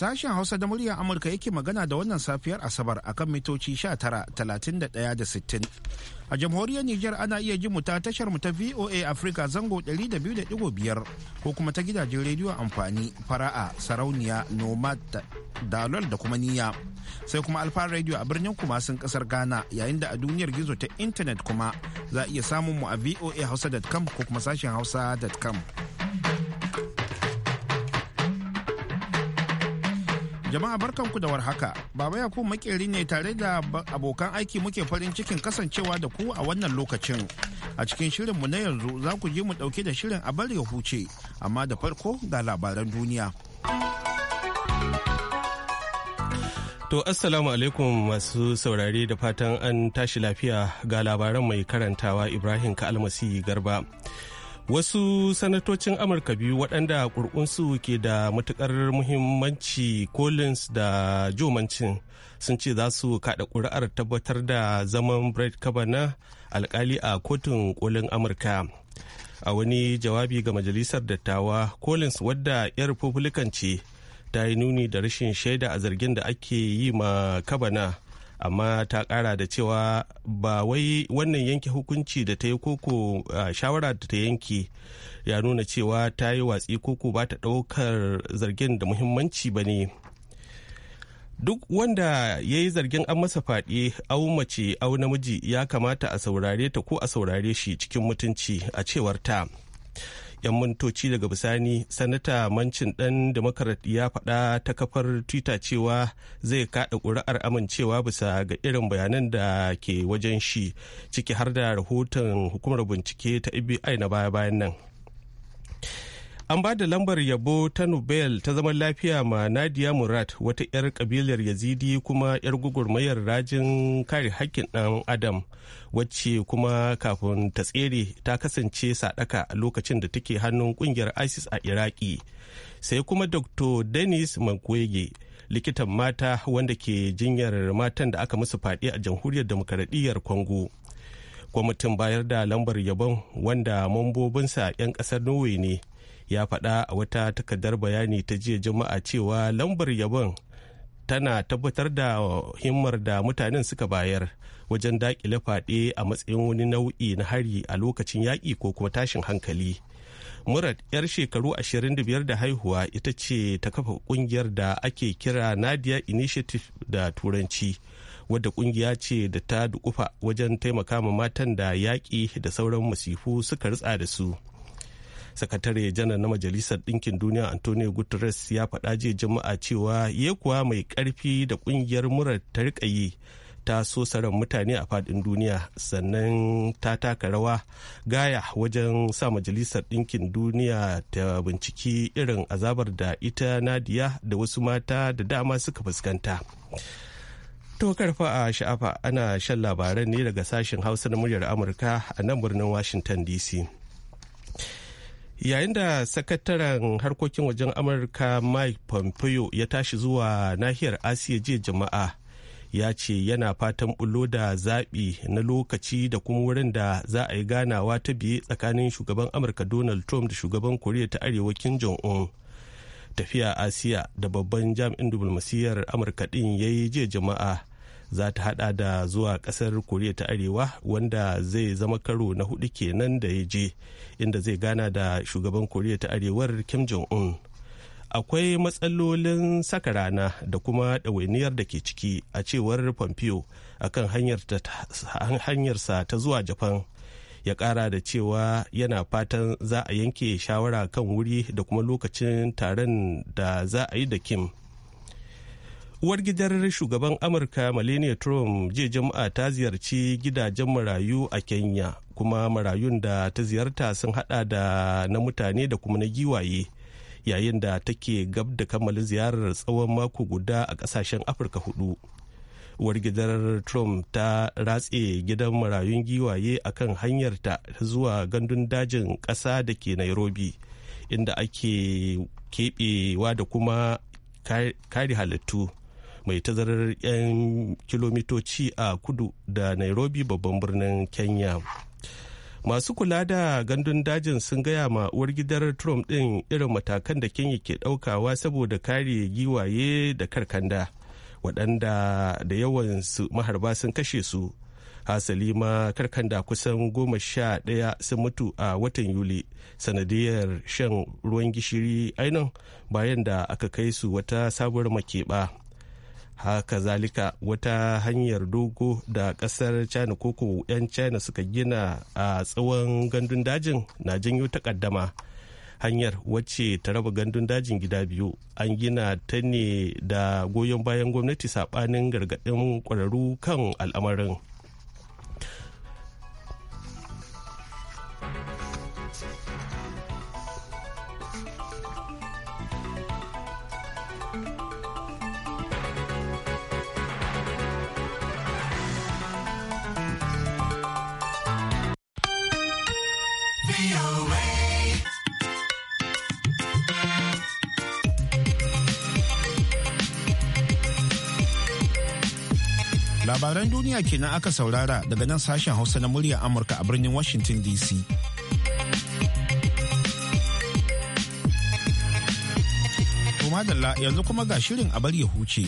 Sashen Hausa da muryar Amurka yake magana da wannan safiyar Asabar a kan mitoci talatin da sittin A jamhuriyar Nijar ana iya ji mu ta tashar mu ta VOA Africa zango 200.5 ko kuma ta gidajen rediyo amfani fara'a sarauniya nomad dalol da kuma niyya. Sai kuma alfa radio a birnin kuma sun kasar Ghana yayin da a duniyar gizo ta intanet kuma za a iya samun mu a voa hausa.com ko kuma sashen hausa.com. Jama'a barkanku da warhaka. Baba Yakubu makeri ne tare da abokan aiki muke farin cikin kasancewa da ku a wannan lokacin. A cikin shirin mu na yanzu za ku ji mu dauke da shirin a bar ya huce, amma da farko ga labaran duniya. To assalamu alaikum masu saurare da fatan an tashi lafiya ga labaran mai karantawa Ibrahim Ka'almasi Garba. wasu sanatocin amurka biyu waɗanda ƙurƙunsu ke da matuƙar muhimmanci collins da joe sun ce za su kaɗa ƙuri'ar tabbatar da zaman brett Kabana alkali a kotun kolin amurka a wani jawabi ga majalisar dattawa collins wadda 'yan republican ce ta yi nuni da rashin shaida a zargin da ake yi ma kabana amma ta kara da cewa ba wai wannan yanke hukunci da ta yi koko shawara da ta yanke ya nuna cewa ta yi watsi koko ba ta ɗaukar zargin da muhimmanci ba ne duk wanda ya yi zargin an masa faɗi au mace au namiji ya kamata a saurare ta ko a saurare shi cikin mutunci a cewar ta. 'yan mintoci daga bisani sanata mancin dan democrat ya faɗa ta kafar twitter cewa zai kada ƙuri'ar amincewa bisa ga irin bayanan da ke wajen shi ciki har da rahoton hukumar bincike ta fbi na baya-bayan nan an ba da lambar yabo ta nobel ta zaman lafiya ma nadia murad wata 'yar kabilar yazidi kuma 'yar gugurmayar rajin kare haƙƙin ɗan adam wacce kuma kafin ta tsere ta kasance saɗaka a lokacin da take hannun ƙungiyar isis a iraki sai kuma dr Dennis mankwege likitan mata wanda ke jinyar matan da aka musu faɗi a jamhuriyar demokaradiyyar congo kwamitin bayar da lambar yabon wanda mambobinsa 'yan ƙasar norway ne ya faɗa a wata takardar bayani ta jiya juma'a cewa lambar yabon tana tabbatar da himmar da mutanen suka bayar wajen daƙile faɗe a matsayin wani nau'i na hari a lokacin yaƙi ko kuma tashin hankali murad yar shekaru 25 da haihuwa ita ce ta kafa ƙungiyar da ake kira nadia initiative da turanci wadda ƙungiya ce da ta dukufa wajen taimaka ma matan da yaƙi da sauran masifu suka ritsa da su sakatare janar na majalisar ɗinkin duniya antonio guterres ya faɗa jiya juma'a cewa yekuwa mai ƙarfi da ƙungiyar murar ta riƙa yi ta so saran mutane a faɗin duniya sannan ta taka rawa gaya wajen sa majalisar ɗinkin duniya ta binciki irin azabar da ita nadiya da wasu mata da dama suka fuskanta. To karfa a sha'afa ana shan labaran ne daga sashen Hausa na muryar Amurka a nan birnin Washington DC. yayin da sakataren harkokin wajen amurka mike pompeo ya tashi zuwa nahiyar asiya jiya jama'a ya ce yana fatan bullo da zaɓi na lokaci da kuma wurin da za a yi ganawa ta biye tsakanin shugaban amurka donald trump da shugaban koriya ta arewa kim jong-un tafiya asiya da babban jami'in diflomasiyyar amurka ɗin ya yi jiya jama'a za ta hada da zuwa kasar koriya ta arewa wanda zai zama karo na hudu kenan da ya je inda zai gana da shugaban koriya ta arewar kim jong-un akwai matsalolin saka rana da kuma ɗawainiyar da ke ciki a cewar pompeo kan hanyarsa ta zuwa japan ya ƙara da cewa yana fatan za a yanke shawara kan wuri da kuma lokacin taron da za a yi da kim uwar gidan shugaban amurka melania trump jiya jama'a ta ziyarci gidajen marayu a kenya kuma marayun da ta ziyarta sun hada da na mutane da kuma na giwaye yayin da take gab da kammala ziyarar tsawon mako guda a kasashen afirka hudu uwar gidan trump ta ratse gidan marayun giwaye a kan ta zuwa gandun dajin ƙasa da ke nairobi inda ake keɓewa da kuma kari halittu mai tazarar 'yan kilomitoci a kudu da nairobi babban birnin kenya masu kula da gandun dajin sun gaya ma uwar gidar trump ɗin irin matakan da kenya ke ɗaukawa saboda kare giwaye da karkanda waɗanda da yawan su maharba sun kashe su hasali ma karkanda kusan goma sha ɗaya sun mutu a watan yuli sanadiyar shan ruwan gishiri ainihin bayan da aka kai su wata sabuwar makeɓa haka zalika wata hanyar dogo da kasar china koko 'yan china suka gina a tsawon gandun dajin na janyo takaddama hanyar wacce ta raba gandun dajin gida biyu an gina ta ne da goyon bayan gwamnati saɓanin gargadin kwararru kan al'amarin duniya kenan aka saurara daga nan sashen hausa na muryar amurka a birnin washington dc madalla yanzu kuma ga shirin a bari ya huce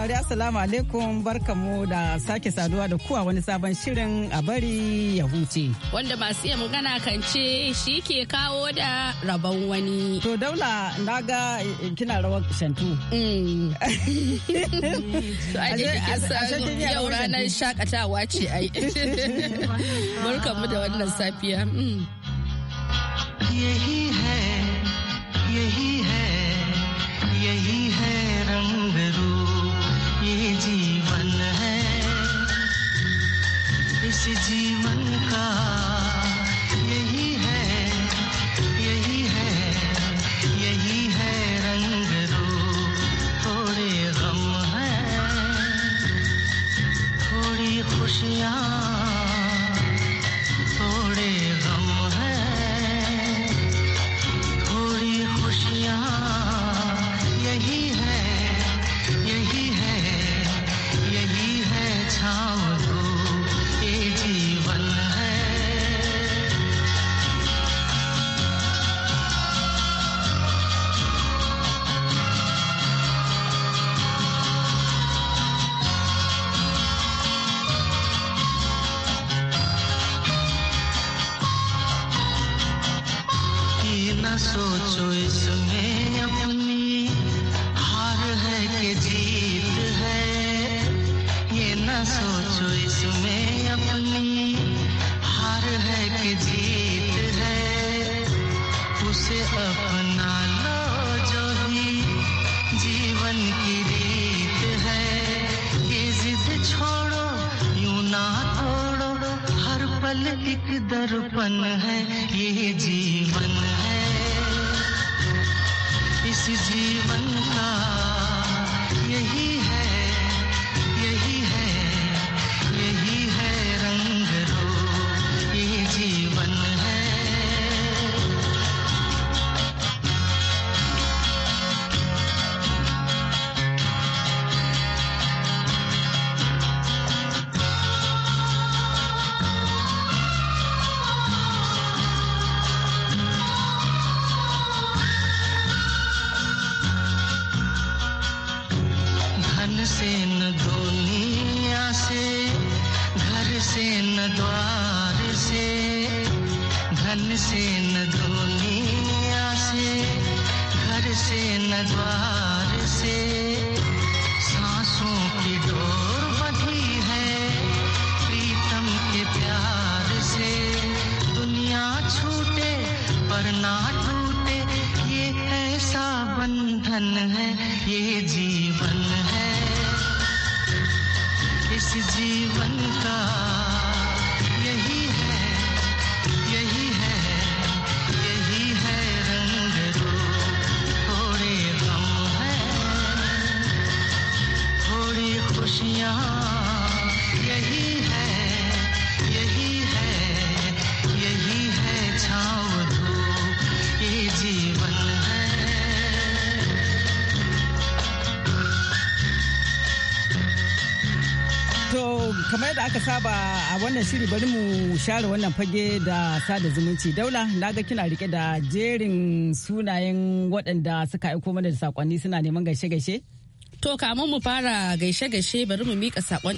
saurari assalamu alaikum barkamu da sake saduwa da kuwa wani sabon shirin a bari ya huce. Wanda masu iya magana kan ce shi ke kawo da rabon wani. To daula na ga eh, eh, kina rawar shantu. Mm. Yau ranar shakatawa ce ai. Barkamu da wannan safiya. Mm. Yehi hai, yehi hai. जीवन का यही है यही है यही है रंग रूप थोड़े गम है थोड़ी खुशियाँ मन की रीत है ये जिद छोड़ो यूं ना तोड़ो हर पल एक दर्पण है ये जीवन है इस जीवन का धन से न दुनिया से घर से न द्वार से सांसों की डोर बधी है प्रीतम के प्यार से दुनिया छूटे पर ना टूटे ये ऐसा बंधन है ये जीवन है इस जीवन का kamar da aka saba a wannan shiri bari mu share wannan fage da sada zumunci daula na ga kina rike da jerin sunayen waɗanda suka aiko mana da sakonni suna neman gaishe-gaishe To kamun mu fara gaishe-gaishe bari mu mika sakon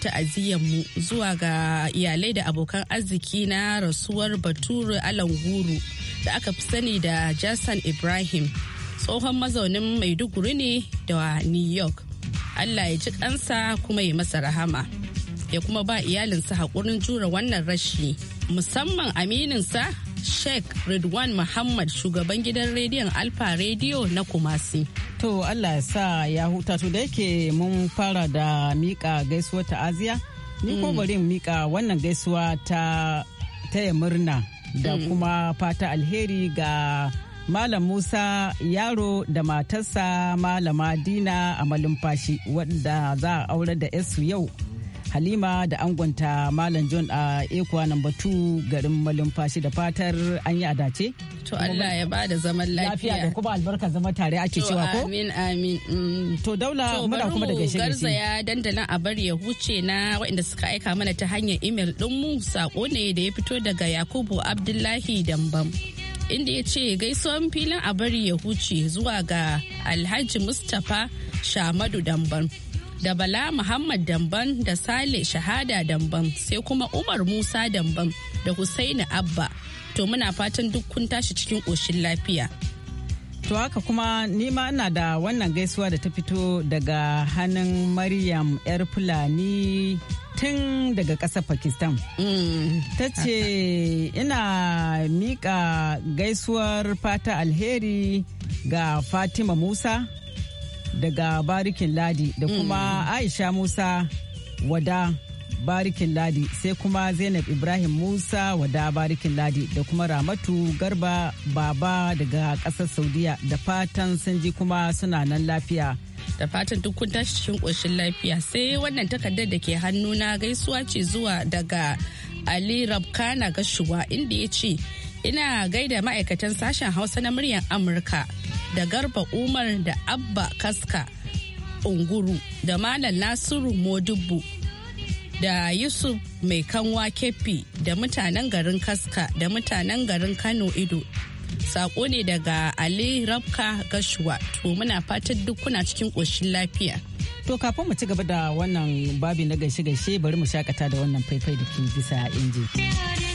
mu zuwa ga iyalai da abokan arziki na rasuwar Baturu Alanguru da aka fi sani da Jason Ibrahim tsohon mazaunin Maiduguri ne da New York. Allah ya ji kansa kuma ya masa rahama. Ya kuma ba iyalinsa haƙurin jure wannan rashi musamman amininsa Sheikh Ridwan Muhammad shugaban gidan rediyon Alfa Radio na Kumasi. To Allah ya sa ya huta to da yake mun fara da mika ta aziya. Ni ko mm. bari mika wannan gaisuwa ta taya murna da mm. kuma fata alheri ga Malam Musa yaro da matarsa Malama Dina a malumfashi wadda za a aure da 'yarsu yau halima da angonta malam john a ekuwa namba 2 garin malumfashi da fatar an yi adace to allah ya ba da zaman lafiya da kuma albarka zama tare ake cewa ko amin amin mm. to daula muna kuma da gaishe garza ya dandalin a bari ya huce na waɗanda suka aika mana ta hanyar imel mu sako ne da ya fito daga yakubu abdullahi dambam inda ya ce gaisuwan filin a bari ya huce zuwa ga alhaji mustapha shamadu dambam da Bala Muhammad Damban da Sale Shahada Damban sai kuma Umar Musa Damban da Husaini Abba. To muna fatan duk kun tashi cikin ƙoshin lafiya. To haka kuma nima ina da wannan gaisuwa da ta fito daga hannun Maryam 'yar Fulani tun daga ƙasar Pakistan. Mm. Ta ce ina miƙa gaisuwar fata alheri ga Fatima Musa daga barikin ladi da mm. kuma aisha musa wada barikin ladi sai kuma zainab ibrahim musa wada barikin ladi da kuma ramatu garba baba daga kasar saudiya da fatan sun ji kuma suna nan lafiya da fatan dukkan kun tashi cikin ƙoshin lafiya sai wannan takardar da ke hannu na gaisuwa ce zuwa daga ali rabkana gashuwa inda ya ce ina gaida ma'aikatan sashen hausa na muryar amurka da garba umar da abba kaska unguru da malam nasiru modubu da yusuf mai kanwa kefi da mutanen garin kaska da mutanen garin kano ido sako ne daga ali rabka gashuwa to muna fatan duk kuna cikin ƙoshin lafiya to kafin mu ci gaba da wannan babi na gaishe-gaishe bari mu shakata da wannan faifai da ke bisa inji.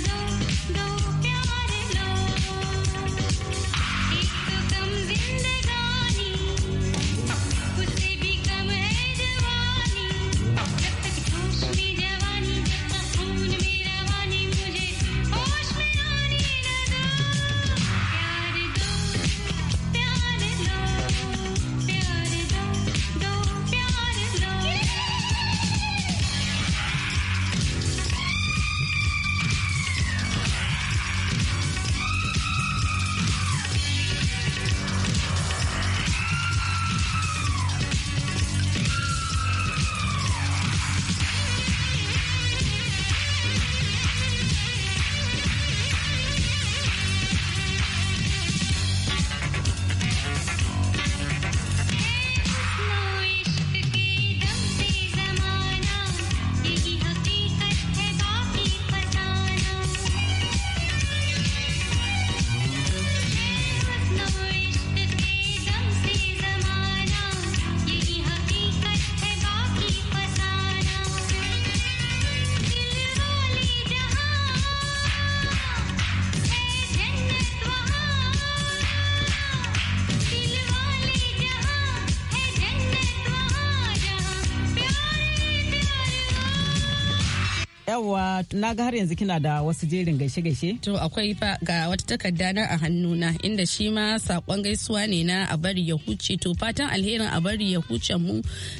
na ga har yanzu kina da wasu jerin gaishe-gaishe. To akwai fa ga wata takarda na a hannuna inda shi ma sakon gaisuwa ne na a bari ya huce to fatan alherin a bari ya huce mu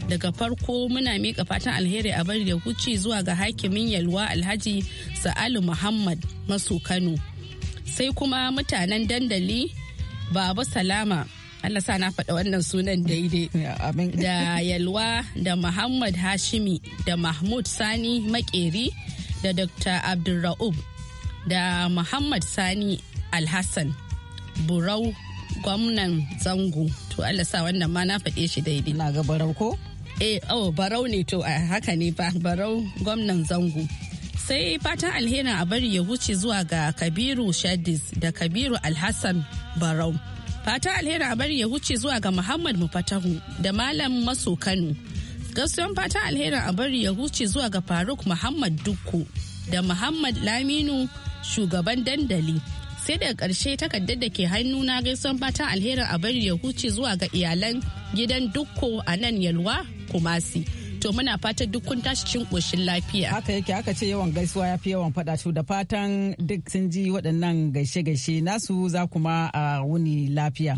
daga farko muna mika fatan alheri a bari ya huce zuwa ga hakimin yalwa alhaji sa'alu muhammad maso kano sai kuma mutanen dandali baba salama Allah sa na faɗa wannan sunan daidai da yalwa da Muhammad Hashimi da Mahmud Sani Makeri da Dr. Abdulra'ub da Muhammad Sani Alhassan Burau gwamnan zango to Allah sa wannan ma na faɗe shi daidai. Na ga barau ko? Eh, oh, barau ne to a haka ne ba barau gwamnan zango. Sai fatan alherin a bari ya wuce zuwa ga Kabiru Shadis da Kabiru Alhassan Barau. Fatan alherin a bari ya wuce zuwa ga Muhammad Mufatahu da Malam Maso Kano. Gaskiyar fata alherin a bari ya huce zuwa ga Faruk Muhammad Dukku da Muhammad Laminu shugaban dandali. Sai daga ƙarshe takardar da ke hannu na gaisuwan fatan alherin a bari ya huce zuwa ga iyalan gidan Dukko a nan Yalwa Kumasi. to muna fatan dukkun tashi cin koshin lafiya. Haka yake aka ce yawan gaisuwa ya fi yawan faɗa to da fatan duk sun ji waɗannan gaishe-gaishe nasu za kuma a wuni lafiya.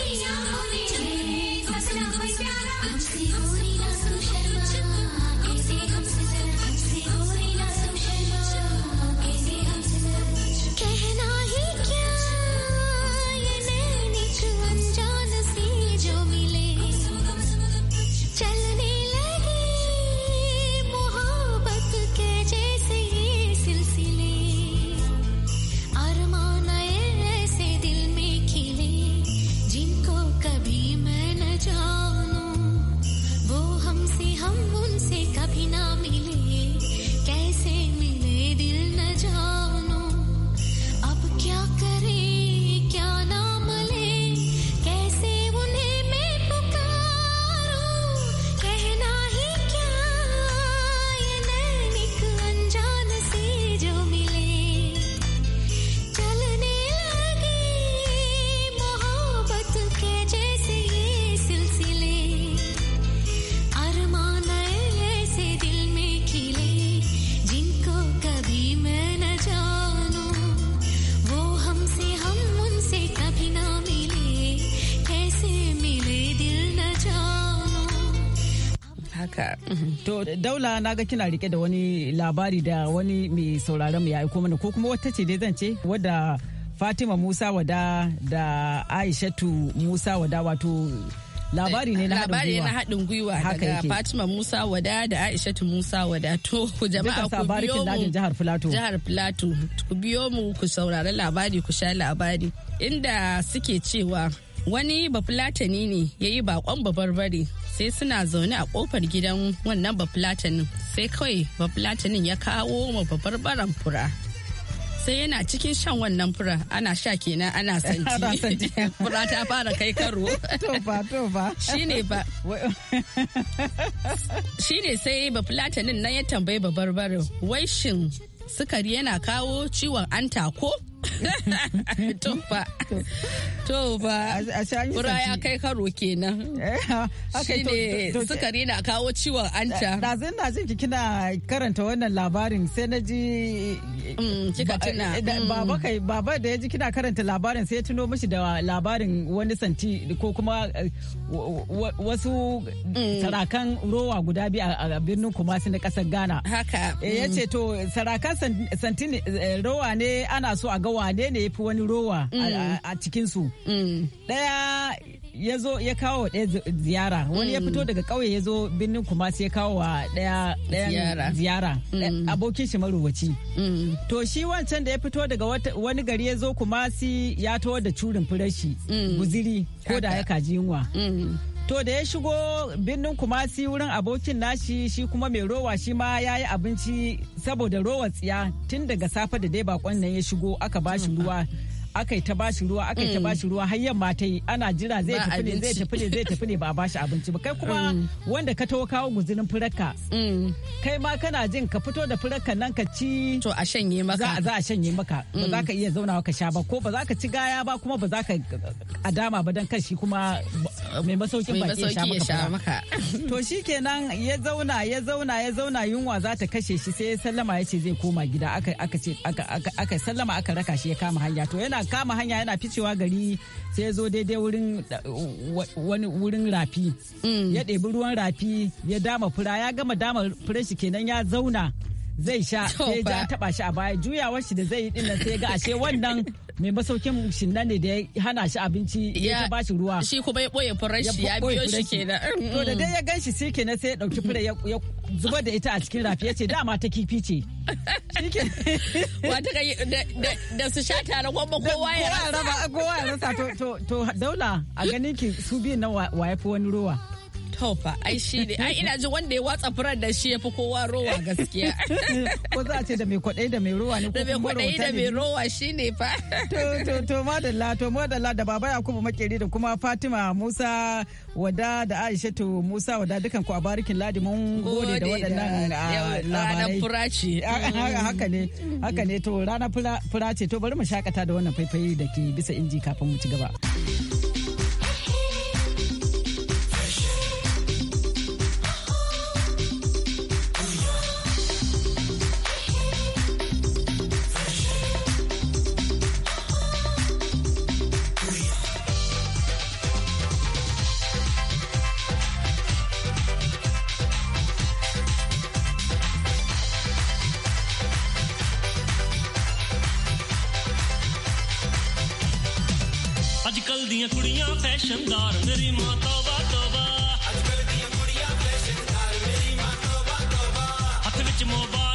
daula na ga kina rike da wani labari da wani mai sauraron mu ya aiko mana ko kuma wata ce dai zan ce wadda Fatima Musa wada da Aishatu Musa wada wato labari ne na haɗin gwiwa daga Fatima Musa wada da Aishatu Musa wada to jama'a ku biyo mu jihar Filato jihar Filato ku biyo mu ku saurari labari ku sha labari inda suke cewa wani bafulatani ne ya yi bakon babarbare sai suna zaune a kofar gidan wannan bafulatanin sai kawai bafulatanin ya kawo ma babarbaren fura sai yana cikin shan wannan fura ana sha kenan ana santi fura ta fara kai karo toba toba shine ba shine sai bafulatanin nan ya tambayi babarbarin wai shin sukari yana kawo ciwon anta ko tofa tofa kura ya kai karo kenan shi ne sukari na kawo ciwon anta eh, ɗazin na ki kina karanta wannan labarin sai na ji mm, kika tuna eh, mm. baba kai baba da ya ji kina karanta labarin sai ya tuno mishi da labarin wani santi ko kuma eh, wasu mm. sarakan rowa guda biyu a birnin kumasi na kasar ghana haka ya ce to sarakan santi rowa ne ana so a ga wane ne ya fi wani rowa a mm. cikinsu mm. ɗaya ya zo ya kawo ɗaya ziyara wani ya mm. fito daga ƙauye ya zo birnin kuma sai kawo wa ɗaya ziyara abokin shi maruwaci to shi wancan da ya fito daga wani gari ya zo kuma si ya tawo da curin furashi guziri ko da ya kaji yunwa to da ya shigo birnin kumasi wurin abokin nashi shi kuma mai rowa shi ma ya yi abinci saboda rowa tsiya tun daga safe da dai bakon nan ya shigo aka bashi ruwa aka yi ta bashi ruwa aka yi ta bashi ruwa har yamma ta yi ana jira zai tafi ne zai tafi ne zai tafi ne ba a bashi abinci ba kai kuma mm. wanda ka tawo kawo guzurin furarka mm. kai ma kana jin ka fito da furarka nan ka ci to a shanye maka za a shanye maka ba za mm. ka iya zaunawa ka sha ba ko ba za ka ci gaya ba kuma ba za ka adama ba dan kashi kuma mai masaukin ba ya sha maka to shikenan ya zauna ya zauna ya zauna yunwa za ta kashe shi sai ya sallama ya ce zai koma gida aka aka ce aka sallama aka raka shi ya kama hanya to yana kama hanya yana ficewa gari sai ya zo daidai wurin wani wurin rafi mm. ya ɗebi ruwan rafi ya dama fura ya gama dama fura shi kenan ya zauna zai sha sai ja taba shi a baya juyawar shi da zai yi din nan sai ga ashe wannan mai masaukin shi ne da ya hana shi abinci ya ba shi ruwa shi kuma ya boye furar shi ya biyo shi kenan mm. to da dai ya gan shi sai kenan sai ya dauki fure ya zuba da ita a cikin rafi ya ce dama ta kifi ce wata da su sha tare kuma kowa ya rasa kowa ya rasa to daula a ganin ki su biyan nan wa ya fi wani ruwa to fa ai shi ne ai ina ji wanda ya watsa furar da shi ya fi kowa rowa gaskiya ko za a ce da mai kwaɗayi da mai rowa ne ko da mai kwaɗayi da mai rowa shi ne fa to to to madalla to madalla da baba yakubu makeri da kuma fatima musa wada da aisha to musa wada dukan ku a barikin ladi mun gode da waɗannan ah, labarai furaci haka ne haka ne to rana furaci to bari mu shakata da wannan faifai da ke bisa inji kafin mu ci gaba. More.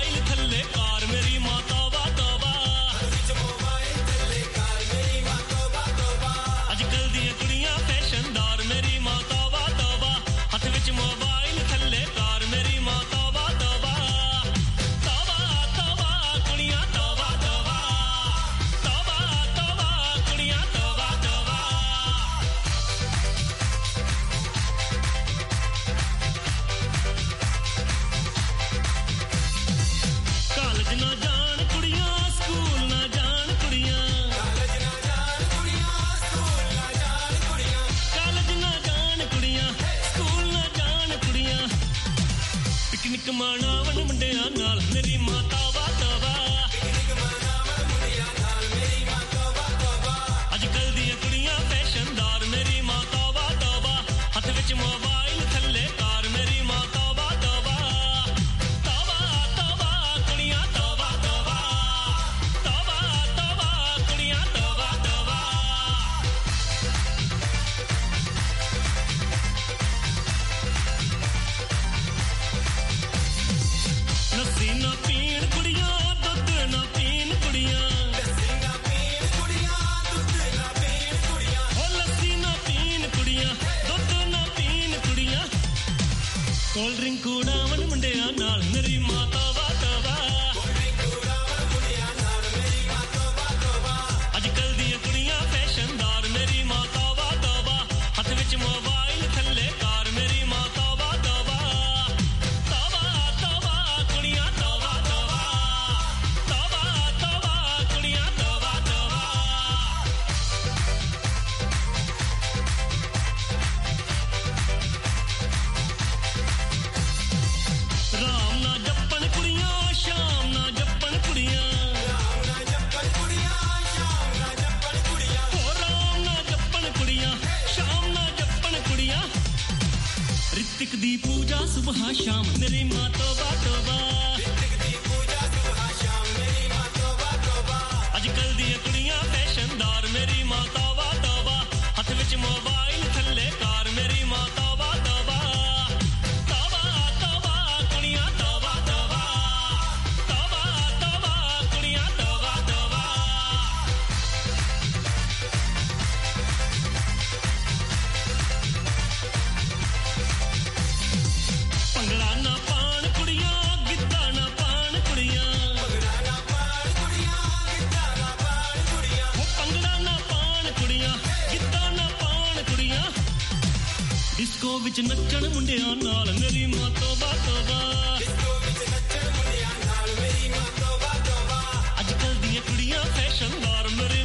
Disco ਵਿੱਚ ਨੱਚਣ ਮੁੰਡਿਆਂ ਨਾਲ ਮੇਰੀ ਮਾਂ ਤੋਬਾ ਤੋਬਾ ਡਿਸਕੋ ਵਿੱਚ ਨੱਚਣ ਮੁੰਡਿਆਂ ਨਾਲ ਮੇਰੀ ਮਾਂ ਤੋਬਾ ਤੋਬਾ ਅੱਜ ਕੱਲ ਦੀਆਂ ਕੁੜੀਆਂ ਫੈਸ਼ਨਦਾਰ ਮੇਰੇ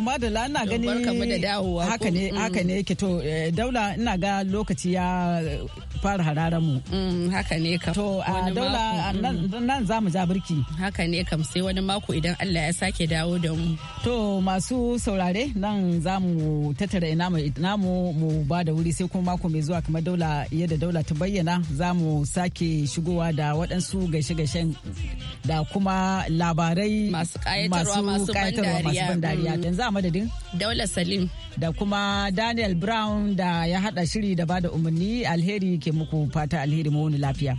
madala ina gani haka ne haka ne mm. yake to eh, daula ina ga lokaci ya fara hararen mu. Mm, haka ne kam. To a daula nan za mu ja birki. Haka ne kam sai wani mako idan Allah ya sake dawo da mu. To masu saurare nan za mu tattara ina mu ina mu mu ba da wuri sai kuma mako mai zuwa kamar daula yadda daula ta bayyana za mu sake shigowa da waɗansu gaishe-gaishen da kuma labarai masu kayatarwa masu ban dariya. Yanzu mm. a Daula Salim. Da kuma Daniel Brown da ya haɗa shiri da ba da umarni alheri muku fata alheri mu wani lafiya.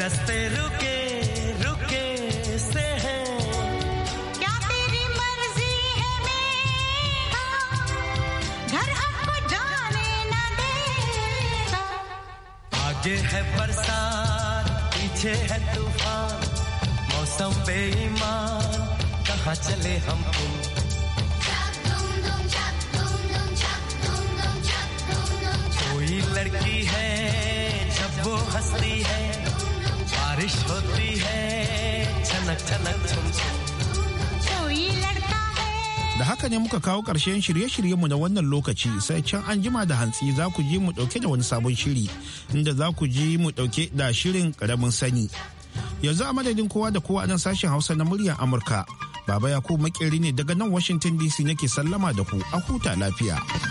रस्ते रुके रुके से हैं क्या तेरी मर्जी है मेरा घर हमको जाने न देता आगे है बरसात पीछे है तूफान मौसम बेईमान कहाँ चले हम कोई लड़की है जब वो हंसती है Da haka ne muka kawo ƙarshen shirye-shiryenmu na wannan lokaci sai can an jima da hantsi za ku ji mu ɗauke da wani sabon shiri inda za ku ji mu ɗauke da shirin ƙaramin sani. Yanzu a madadin kowa da kowa nan sashen Hausa na muryar Amurka. Baba Yakubu makeri ne daga nan Washington DC nake sallama da ku a huta lafiya.